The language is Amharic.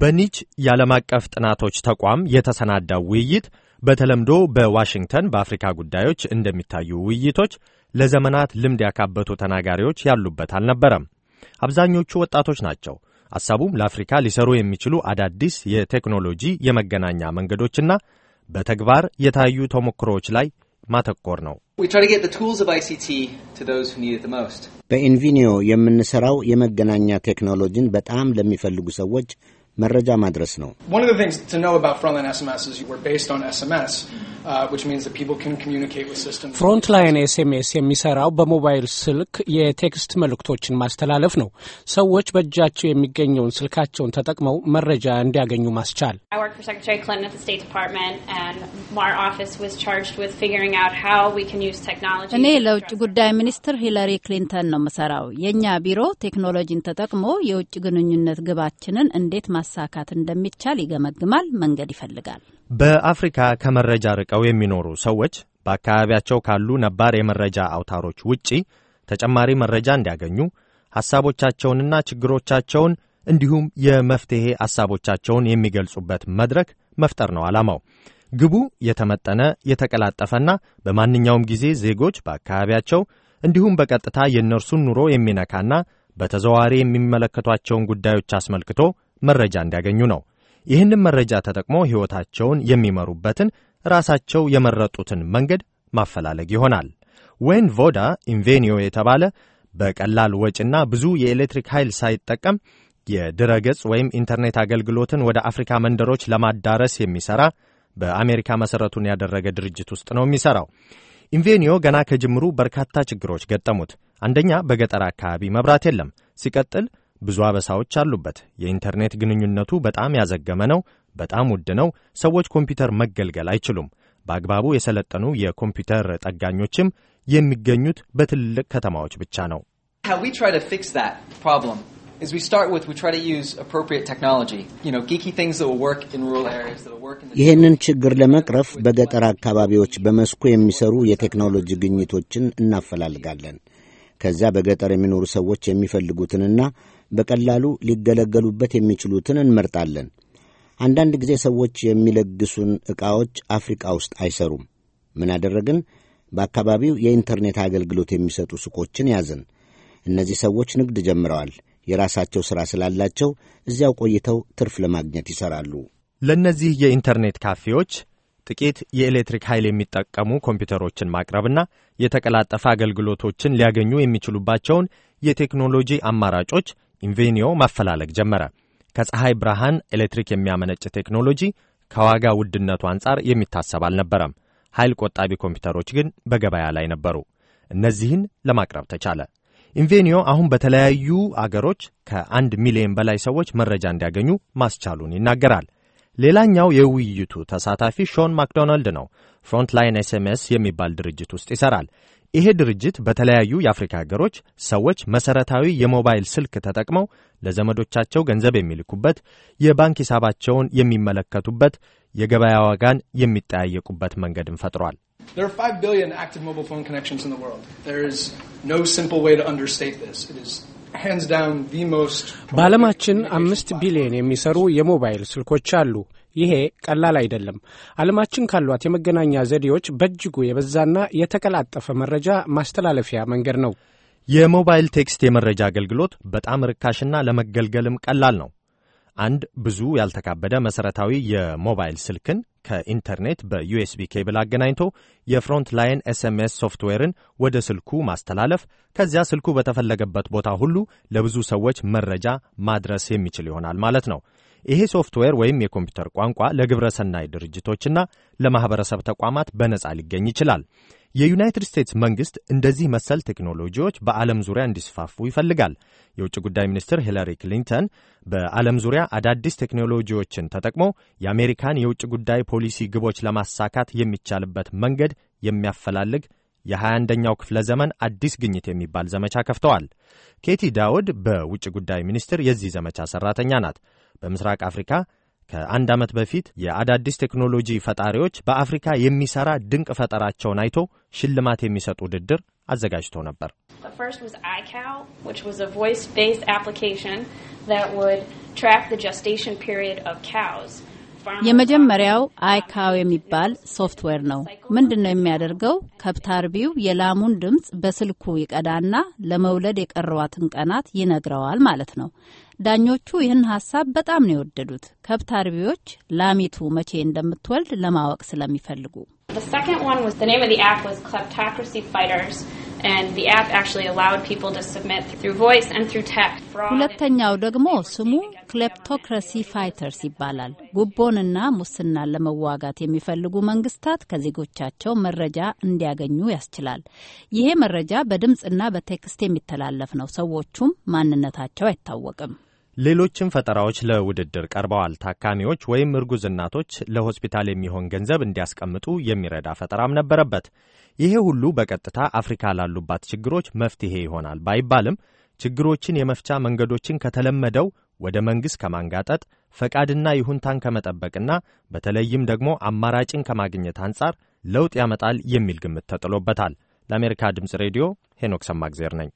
በኒች የዓለም አቀፍ ጥናቶች ተቋም የተሰናዳው ውይይት በተለምዶ በዋሽንግተን በአፍሪካ ጉዳዮች እንደሚታዩ ውይይቶች ለዘመናት ልምድ ያካበቱ ተናጋሪዎች ያሉበት አልነበረም። አብዛኞቹ ወጣቶች ናቸው። ሐሳቡም ለአፍሪካ ሊሰሩ የሚችሉ አዳዲስ የቴክኖሎጂ የመገናኛ መንገዶችና በተግባር የታዩ ተሞክሮዎች ላይ ማተኮር ነው። በኢንቪኒዮ የምንሠራው የመገናኛ ቴክኖሎጂን በጣም ለሚፈልጉ ሰዎች መረጃ ማድረስ ነው። ፍሮንት ላይን ኤስኤምኤስ የሚሰራው በሞባይል ስልክ የቴክስት መልእክቶችን ማስተላለፍ ነው። ሰዎች በእጃቸው የሚገኘውን ስልካቸውን ተጠቅመው መረጃ እንዲያገኙ ማስቻል። እኔ ለውጭ ጉዳይ ሚኒስትር ሂለሪ ክሊንተን ነው የምሰራው። የእኛ ቢሮ ቴክኖሎጂን ተጠቅሞ የውጭ ግንኙነት ግባችንን እንዴት ማሳካት እንደሚቻል ይገመግማል። መንገድ ይፈልጋል። በአፍሪካ ከመረጃ ርቀው የሚኖሩ ሰዎች በአካባቢያቸው ካሉ ነባር የመረጃ አውታሮች ውጪ ተጨማሪ መረጃ እንዲያገኙ ሐሳቦቻቸውንና ችግሮቻቸውን እንዲሁም የመፍትሔ ሐሳቦቻቸውን የሚገልጹበት መድረክ መፍጠር ነው ዓላማው። ግቡ የተመጠነ የተቀላጠፈና በማንኛውም ጊዜ ዜጎች በአካባቢያቸው እንዲሁም በቀጥታ የእነርሱን ኑሮ የሚነካና በተዘዋዋሪ የሚመለከቷቸውን ጉዳዮች አስመልክቶ መረጃ እንዲያገኙ ነው። ይህንም መረጃ ተጠቅሞ ሕይወታቸውን የሚመሩበትን ራሳቸው የመረጡትን መንገድ ማፈላለግ ይሆናል። ወይን ቮዳ ኢንቬኒዮ የተባለ በቀላል ወጪና ብዙ የኤሌክትሪክ ኃይል ሳይጠቀም የድረገጽ ወይም ኢንተርኔት አገልግሎትን ወደ አፍሪካ መንደሮች ለማዳረስ የሚሠራ በአሜሪካ መሠረቱን ያደረገ ድርጅት ውስጥ ነው የሚሠራው። ኢንቬኒዮ ገና ከጅምሩ በርካታ ችግሮች ገጠሙት። አንደኛ፣ በገጠር አካባቢ መብራት የለም። ሲቀጥል ብዙ አበሳዎች አሉበት። የኢንተርኔት ግንኙነቱ በጣም ያዘገመ ነው። በጣም ውድ ነው። ሰዎች ኮምፒውተር መገልገል አይችሉም። በአግባቡ የሰለጠኑ የኮምፒውተር ጠጋኞችም የሚገኙት በትልልቅ ከተማዎች ብቻ ነው። ይህንን ችግር ለመቅረፍ በገጠር አካባቢዎች በመስኩ የሚሰሩ የቴክኖሎጂ ግኝቶችን እናፈላልጋለን። ከዚያ በገጠር የሚኖሩ ሰዎች የሚፈልጉትንና በቀላሉ ሊገለገሉበት የሚችሉትን እንመርጣለን። አንዳንድ ጊዜ ሰዎች የሚለግሱን ዕቃዎች አፍሪቃ ውስጥ አይሰሩም። ምን አደረግን? በአካባቢው የኢንተርኔት አገልግሎት የሚሰጡ ሱቆችን ያዝን። እነዚህ ሰዎች ንግድ ጀምረዋል። የራሳቸው ሥራ ስላላቸው እዚያው ቆይተው ትርፍ ለማግኘት ይሠራሉ። ለእነዚህ የኢንተርኔት ካፌዎች ጥቂት የኤሌክትሪክ ኃይል የሚጠቀሙ ኮምፒውተሮችን ማቅረብና የተቀላጠፈ አገልግሎቶችን ሊያገኙ የሚችሉባቸውን የቴክኖሎጂ አማራጮች ኢንቬኒዮ ማፈላለግ ጀመረ። ከፀሐይ ብርሃን ኤሌክትሪክ የሚያመነጭ ቴክኖሎጂ ከዋጋ ውድነቱ አንጻር የሚታሰብ አልነበረም። ኃይል ቆጣቢ ኮምፒውተሮች ግን በገበያ ላይ ነበሩ። እነዚህን ለማቅረብ ተቻለ። ኢንቬኒዮ አሁን በተለያዩ አገሮች ከአንድ ሚሊዮን በላይ ሰዎች መረጃ እንዲያገኙ ማስቻሉን ይናገራል። ሌላኛው የውይይቱ ተሳታፊ ሾን ማክዶናልድ ነው። ፍሮንትላይን ኤስኤምኤስ የሚባል ድርጅት ውስጥ ይሰራል። ይሄ ድርጅት በተለያዩ የአፍሪካ ሀገሮች ሰዎች መሰረታዊ የሞባይል ስልክ ተጠቅመው ለዘመዶቻቸው ገንዘብ የሚልኩበት፣ የባንክ ሂሳባቸውን የሚመለከቱበት፣ የገበያ ዋጋን የሚጠያየቁበት መንገድን ፈጥሯል። በዓለማችን አምስት ቢሊዮን የሚሰሩ የሞባይል ስልኮች አሉ። ይሄ ቀላል አይደለም። ዓለማችን ካሏት የመገናኛ ዘዴዎች በእጅጉ የበዛና የተቀላጠፈ መረጃ ማስተላለፊያ መንገድ ነው። የሞባይል ቴክስት የመረጃ አገልግሎት በጣም ርካሽና ለመገልገልም ቀላል ነው። አንድ ብዙ ያልተካበደ መሰረታዊ የሞባይል ስልክን ከኢንተርኔት በዩኤስቢ ኬብል አገናኝቶ የፍሮንት ላይን ኤስኤምኤስ ሶፍትዌርን ወደ ስልኩ ማስተላለፍ፣ ከዚያ ስልኩ በተፈለገበት ቦታ ሁሉ ለብዙ ሰዎች መረጃ ማድረስ የሚችል ይሆናል ማለት ነው። ይሄ ሶፍትዌር ወይም የኮምፒውተር ቋንቋ ለግብረ ሰናይ ድርጅቶችና ለማኅበረሰብ ተቋማት በነጻ ሊገኝ ይችላል። የዩናይትድ ስቴትስ መንግሥት እንደዚህ መሰል ቴክኖሎጂዎች በዓለም ዙሪያ እንዲስፋፉ ይፈልጋል። የውጭ ጉዳይ ሚኒስትር ሂላሪ ክሊንተን በዓለም ዙሪያ አዳዲስ ቴክኖሎጂዎችን ተጠቅሞ የአሜሪካን የውጭ ጉዳይ ፖሊሲ ግቦች ለማሳካት የሚቻልበት መንገድ የሚያፈላልግ የ21ኛው ክፍለ ዘመን አዲስ ግኝት የሚባል ዘመቻ ከፍተዋል። ኬቲ ዳውድ በውጭ ጉዳይ ሚኒስቴር የዚህ ዘመቻ ሠራተኛ ናት። በምስራቅ አፍሪካ ከአንድ ዓመት በፊት የአዳዲስ ቴክኖሎጂ ፈጣሪዎች በአፍሪካ የሚሰራ ድንቅ ፈጠራቸውን አይቶ ሽልማት የሚሰጥ ውድድር አዘጋጅቶ ነበር። የመጀመሪያው አይካው የሚባል ሶፍትዌር ነው። ምንድን ነው የሚያደርገው? ከብት አርቢው የላሙን ድምፅ በስልኩ ይቀዳና ለመውለድ የቀረዋትን ቀናት ይነግረዋል ማለት ነው። ዳኞቹ ይህን ሀሳብ በጣም ነው የወደዱት። ከብት አርቢዎች ላሚቱ መቼ እንደምትወልድ ለማወቅ ስለሚፈልጉ and the app actually allowed people to submit through voice and through text. ሁለተኛው ደግሞ ስሙ ክሌፕቶክራሲ ፋይተርስ ይባላል። ጉቦንና ሙስናን ለመዋጋት የሚፈልጉ መንግስታት ከዜጎቻቸው መረጃ እንዲያገኙ ያስችላል። ይሄ መረጃ በድምፅና በቴክስት የሚተላለፍ ነው። ሰዎቹም ማንነታቸው አይታወቅም። ሌሎችም ፈጠራዎች ለውድድር ቀርበዋል። ታካሚዎች ወይም እርጉዝ እናቶች ለሆስፒታል የሚሆን ገንዘብ እንዲያስቀምጡ የሚረዳ ፈጠራም ነበረበት። ይሄ ሁሉ በቀጥታ አፍሪካ ላሉባት ችግሮች መፍትሄ ይሆናል ባይባልም ችግሮችን የመፍቻ መንገዶችን ከተለመደው ወደ መንግሥት ከማንጋጠጥ ፈቃድና ይሁንታን ከመጠበቅና በተለይም ደግሞ አማራጭን ከማግኘት አንጻር ለውጥ ያመጣል የሚል ግምት ተጥሎበታል። ለአሜሪካ ድምፅ ሬዲዮ ሄኖክ ሰማግዜር ነኝ።